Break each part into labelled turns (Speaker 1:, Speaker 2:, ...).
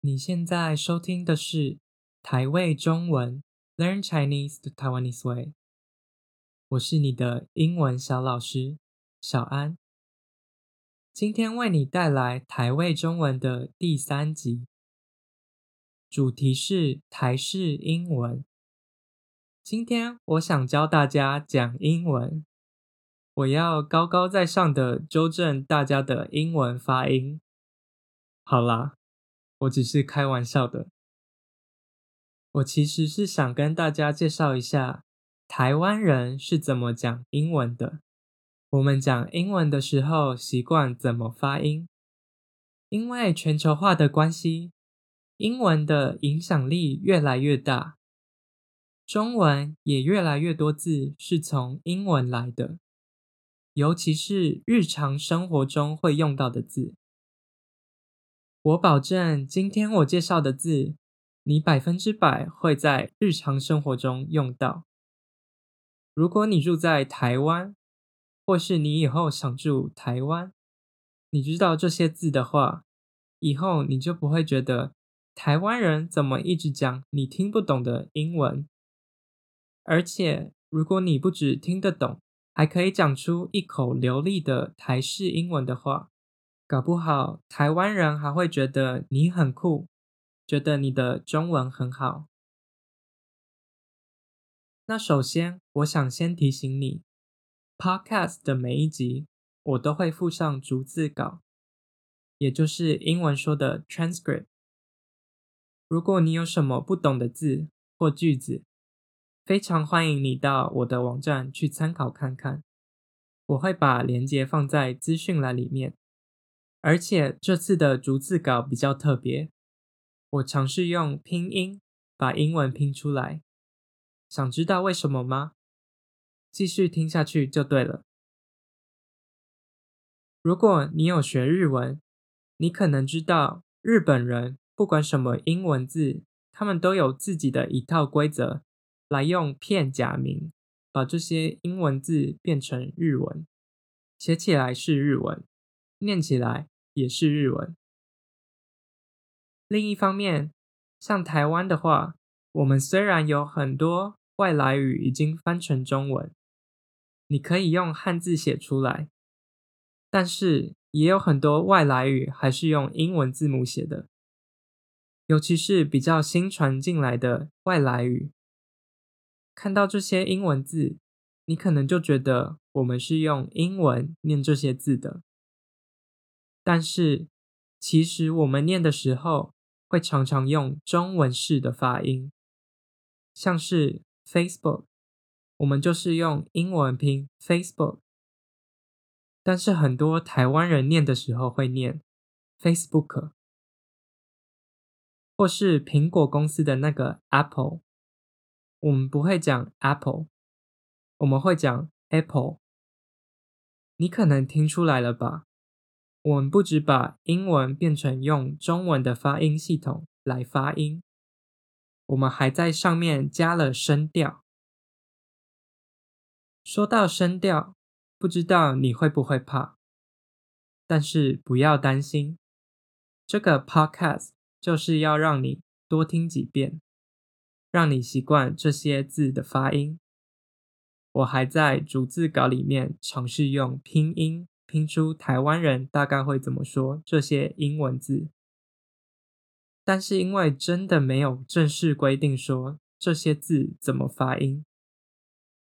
Speaker 1: 你現在收聽的是台味中文 Learn Chinese the Taiwanese way，我是你的英文小老師小安，今天為你帶來台味中文的第三集，主題是台式英文。今天我想教大家講英文，我要高高在上的糾正大家的英文發音。好啦。我只是開玩笑的。我其實是想跟大家介紹一下台灣人是怎麼講英文的。我們講英文的時候習慣怎麼發音？因為全球化的關係，英文的影響力越來越大，中文也越來越多字是從英文來的，尤其是日常生活中會用到的字。我保證，今天我介紹的字，你百分之百會在日常生活中用到。如果你住在台灣，或是你以後想住台灣，你知道這些字的話，以後你就不會覺得台灣人怎麼一直講你聽不懂的英文。而且，如果你不只聽得懂，還可以講出一口流利的台式英文的話。搞不好台灣人還會覺得你很酷，覺得你的中文很好。那首先，我想先提醒你，Podcast 的每一集我都會附上逐字稿，也就是英文說的 transcript。如果你有什麼不懂的字或句子，非常歡迎你到我的網站去參考看看，我會把連結放在資訊欄裡面。而且這次的逐字稿比較特別，我嘗試用拼音把英文拼出來。想知道為什麼嗎？繼續聽下去就對了。如果你有學日文，你可能知道日本人不管什麼英文字，他們都有自己的一套規則來用片假名把這些英文字變成日文，寫起來是日文，念起來也是日文。另一方面，像台灣的話，我們雖然有很多外來語已經翻成中文，你可以用漢字寫出來，但是也有很多外來語還是用英文字母寫的，尤其是比較新傳進來的外來語。看到這些英文字，你可能就覺得我們是用英文念這些字的。但是，其實我們念的時候會常常用中文式的發音，像是 Facebook，我們就是用英文拼 Facebook。但是很多台灣人念的時候會念 Facebook，或是蘋果公司的那個 Apple，我們不會講 Apple，我們會講 Apple。你可能聽出來了吧？我們不只把英文變成用中文的發音系統來發音，我們還在上面加了聲調。說到聲調，不知道你會不會怕，但是不要擔心，這個 podcast 就是要讓你多聽幾遍，讓你習慣這些字的發音。我還在逐字稿裡面嘗試用拼音。拼出台灣人大概會怎麼說這些英文字，但是因為真的沒有正式規定說這些字怎麼發音，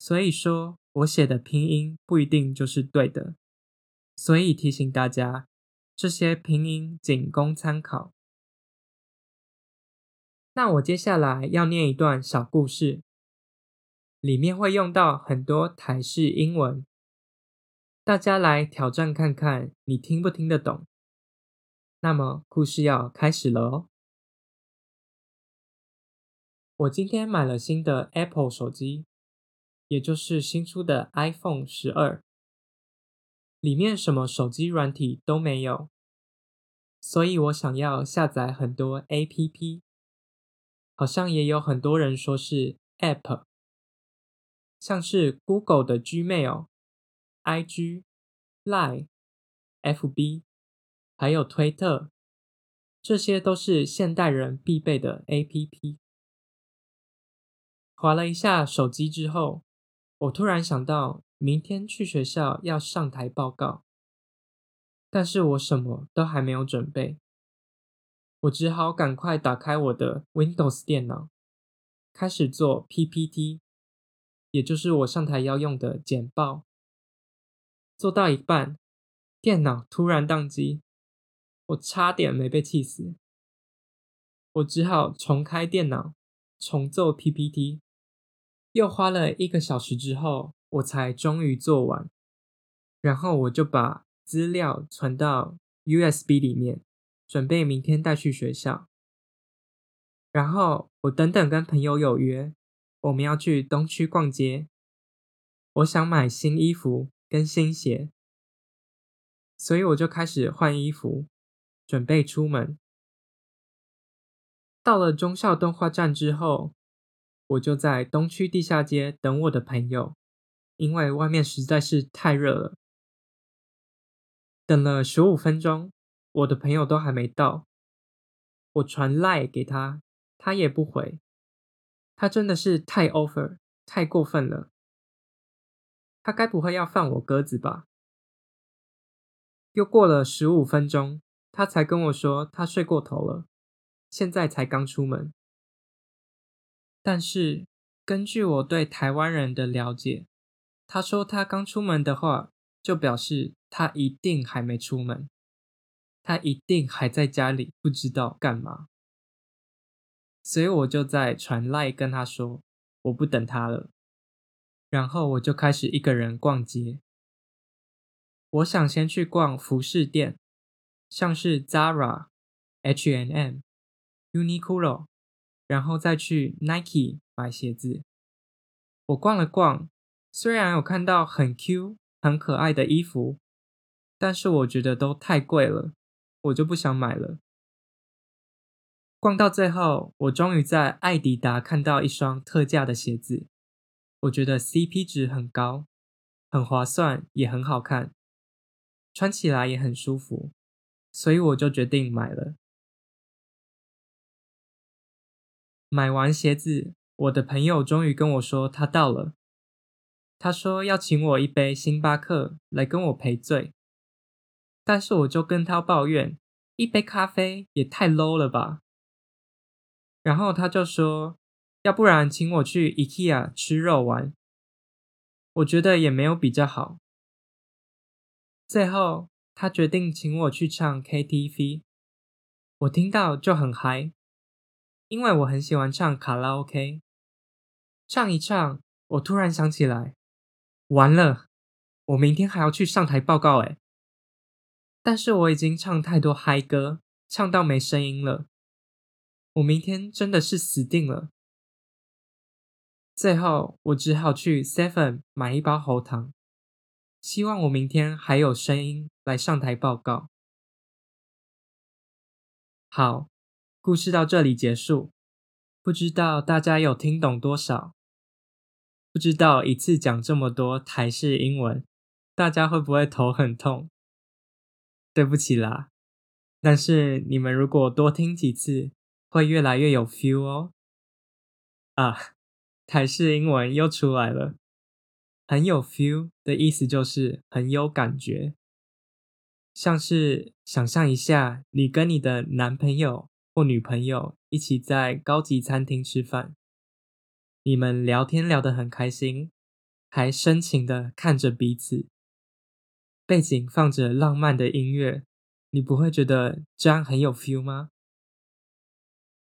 Speaker 1: 所以說我寫的拼音不一定就是對的，所以提醒大家，這些拼音僅供參考。那我接下來要念一段小故事，裡面會用到很多台式英文。大家來挑戰看看，你聽不聽得懂？那麼故事要開始了哦。我今天買了新的 Apple 手機，也就是新出的 iPhone 十二，裡面什麼手機軟體都沒有，所以我想要下載很多 A P P，好像也有很多人說是 App，像是 Google 的 Gmail。IG、LINE、FB，還有推特，這些都是現代人必備的 APP。滑了一下手機之後，我突然想到明天去學校要上台報告，但是我什麼都還沒有準備，我只好趕快打開我的 Windows 電腦，開始做 PPT，也就是我上台要用的簡報。做到一半，電腦突然當機，我差點沒被氣死。我只好重開電腦，重做 PPT，又花了一個小時之後，我才終於做完。然後我就把資料存到 USB 裡面，準備明天帶去學校。然後我等等跟朋友有約，我們要去東區逛街，我想買新衣服，跟新鞋，所以我就開始換衣服，準備出門。到了忠孝敦化站之後，我就在東區地下街等我的朋友，因為外面實在是太熱了。等了十五分鐘，我的朋友都還沒到，我傳 LINE 給他，他也不回。他真的是太 over，太過分了。他該不會要放我鴿子吧？又過了十五分鐘，他才跟我說他睡過頭了，現在才剛出門。但是根據我對台灣人的了解，他說他剛出門的話，就表示他一定還沒出門，他一定還在家裡，不知道幹嘛。所以我就在傳 LINE 跟他說，我不等他了。然後我就開始一個人逛街。我想先去逛服飾店，像是 Zara、H&M、Uniqlo，然後再去 Nike 買鞋子。我逛了逛，雖然有看到很 Q、很可愛的衣服，但是我覺得都太貴了，我就不想買了。逛到最後，我終於在愛迪達看到一雙特價的鞋子。我覺得 CP 值很高，很划算，也很好看，穿起來也很舒服，所以我就決定買了。買完鞋子，我的朋友終於跟我說他到了，他說要請我一杯星巴克來跟我賠罪，但是我就跟他抱怨，一杯咖啡也太 low 了吧，然後他就說。要不然請我去 IKEA 吃肉丸，我覺得也沒有比較好。最後他決定請我去唱 KTV，我聽到就很嗨，因為我很喜歡唱卡拉 OK。唱一唱，我突然想起來，完了，我明天還要去上台報告誒。但是我已經唱太多嗨歌，唱到沒聲音了，我明天真的是死定了。最後，我只好去 Seven 買一包喉糖，希望我明天還有聲音來上台報告。好，故事到這裡結束。不知道大家有聽懂多少？不知道一次講這麼多台式英文，大家會不會頭很痛？對不起啦，但是你們如果多聽幾次，會越來越有 feel 哦。啊。台式英文又出來了，很有 feel 的意思就是很有感覺，像是想象一下，你跟你的男朋友或女朋友一起在高級餐廳吃飯，你們聊天聊得很開心，還深情的看着彼此，背景放着浪漫的音樂，你不會覺得這樣很有 feel 嗎？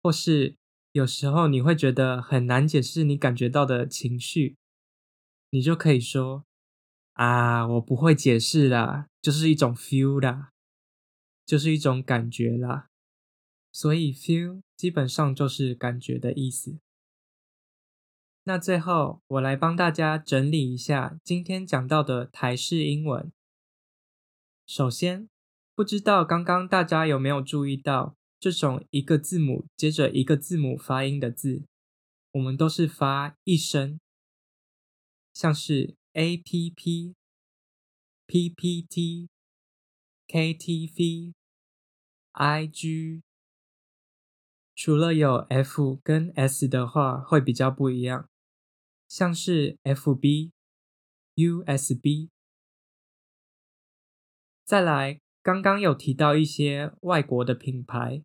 Speaker 1: 或是，有時候你會覺得很難解釋你感覺到的情緒，你就可以說啊，我不會解釋啦，就是一種 feel 啦，就是一種感覺啦。所以 feel 基本上就是感覺的意思。那最後，我來幫大家整理一下今天講到的台式英文。首先，不知道剛剛大家有沒有注意到？這種一個字母接着一個字母發音的字，我們都是發一聲，像是 APP、PPT、KTV、IG。除了有 F 跟 S 的話，會比較不一樣，像是 FB、USB。再來，剛剛有提到一些外國的品牌。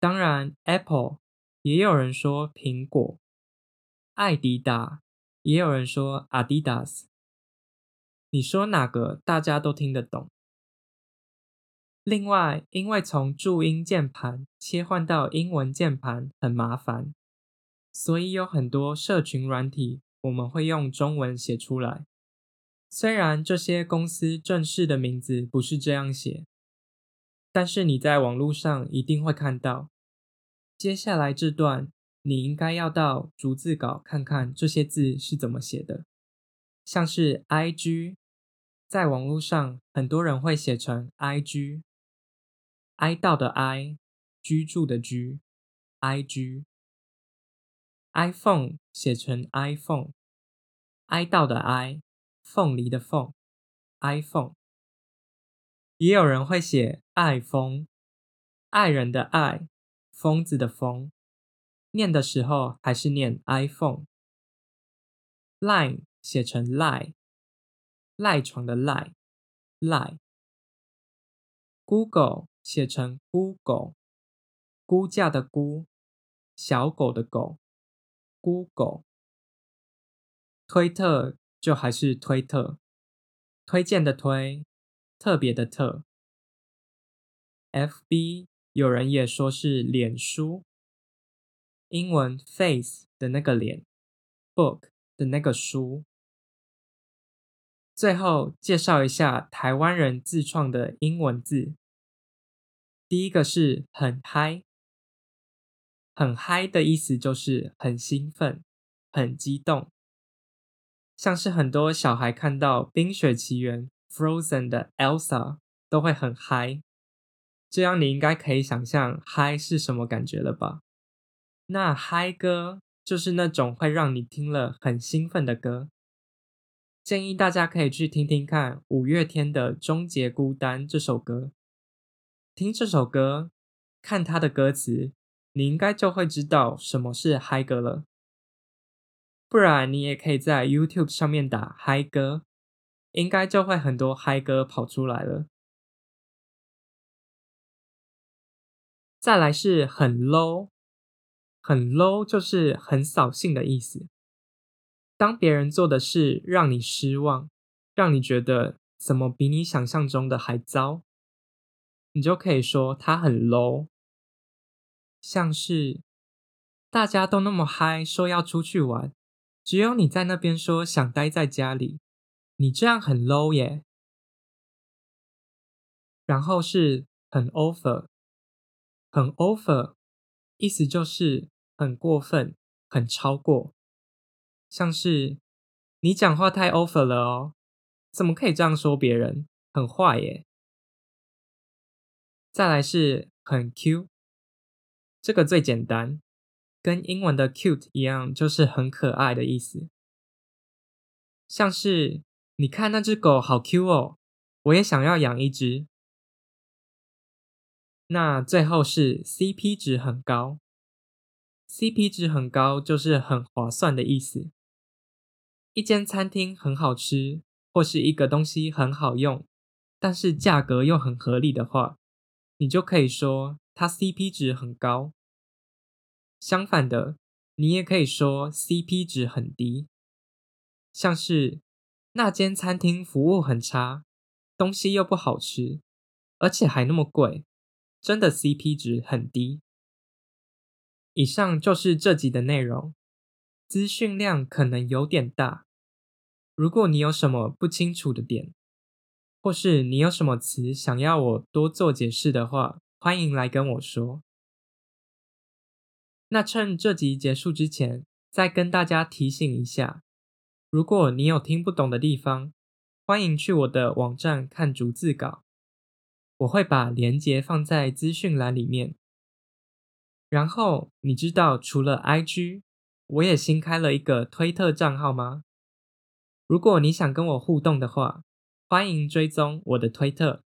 Speaker 1: 當然，Apple 也有人說蘋果，Adidas 也有人說愛迪達。你說哪個大家都聽得懂。另外，因為從注音鍵盤切換到英文鍵盤很麻煩，所以有很多社群軟體，我們會用中文寫出來。雖然這些公司正式的名字不是這樣寫。但是你在網絡上一定會看到，接下來這段你應該要到逐字稿看看這些字是怎麼寫的，像是 IG，在網絡上很多人會寫成 IG，IG，哀悼的哀，居住的居，IG，iPhone 寫成 iPhone，哀悼的哀，鳳梨的鳳，iPhone。也有人會寫愛瘋，愛人的愛，瘋子的瘋，念的時候還是念 iPhone。Line 寫成賴，賴床的賴，賴。Google 寫成孤狗，孤架的孤，小狗的狗，孤狗。推特就還是推特，推薦的推。特別的特，FB 有人也說是臉書，英文 face 的那個臉，book 的那個書。最後介紹一下台灣人自創的英文字，第一個是很嗨，很嗨的意思就是很興奮、很激動，像是很多小孩看到《冰雪奇緣》。Frozen 的 Elsa 都會很嗨，這樣你應該可以想象嗨是什麼感覺了吧？那嗨歌就是那種會讓你聽了很興奮的歌。建議大家可以去聽聽看五月天的《終結孤單》這首歌，聽這首歌，看它的歌詞，你應該就會知道什麼是嗨歌了。不然你也可以在 YouTube 上面打嗨歌。應該就會很多嗨歌跑出來了。再來是很 low，很 low 就是很掃興的意思。當別人做的事讓你失望，讓你覺得怎麼比你想象中的還糟，你就可以說他很 low。像是大家都那麼嗨，說要出去玩，只有你在那邊說想待在家裡。你這樣很 low 耶，然後是很 over，很 over，意思就是很過分、很超過，像是你講話太 over 了哦，怎麼可以這樣說別人？很壞耶。再來是很 cute，這個最簡單，跟英文的 cute 一樣，就是很可愛的意思，像是。你看那只狗好 Q 哦，我也想要養一只。那最後是 CP 值很高，CP 值很高就是很划算的意思。一間餐廳很好吃，或是一個東西很好用，但是價格又很合理的話，你就可以說它 CP 值很高。相反的，你也可以說 CP 值很低，像是。那間餐廳服務很差，東西又不好吃，而且還那麼貴，真的 CP 值很低。以上就是這集的內容，資訊量可能有點大。如果你有什麼不清楚的點，或是你有什麼詞想要我多做解釋的話，歡迎來跟我說。那趁這集結束之前，再跟大家提醒一下。如果你有聽不懂的地方，歡迎去我的網站看逐字稿，我會把連結放在資訊欄裡面。然後你知道除了 IG，我也新開了一個推特賬號嗎？如果你想跟我互動的話，歡迎追蹤我的推特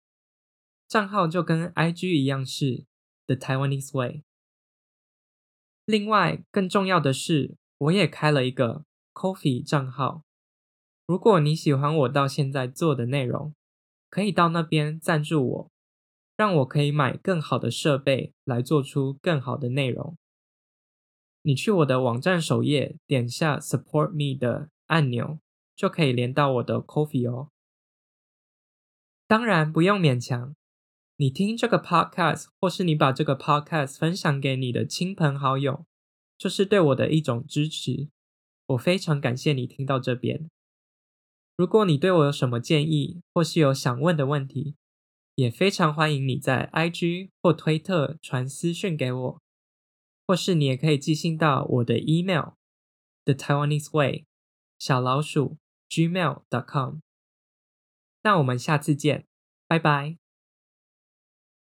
Speaker 1: 賬號，就跟 IG 一樣是 The Taiwanese Way。另外，更重要的是，我也開了一個 Ko-fi 賬號，如果你喜歡我到現在做的內容，可以到那邊贊助我，讓我可以買更好的設備來做出更好的內容。你去我的網站首頁，點下 Support Me 的按鈕，就可以連到我的 Ko-fi 哦。當然不用勉強，你聽這個 Podcast，或是你把這個 Podcast 分享給你的親朋好友，這就是對我的一種支持。我非常感謝你聽到這邊。如果你對我有什麼建議，或是有想問的問題，也非常歡迎你在 IG 或推特傳私訊給我，或是你也可以寄信到我的 email The Taiwanese Way 小老鼠 gmail.com。那我們下次見，拜拜。